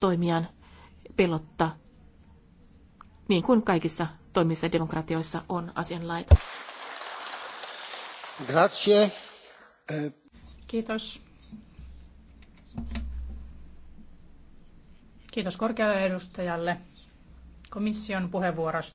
toimijan pelotta, niin kuin kaikissa toimissa demokratioissa on asianlaita. Grazie. Kiitos. Kiitos korkealle edustajalle komission puheenvuorosta.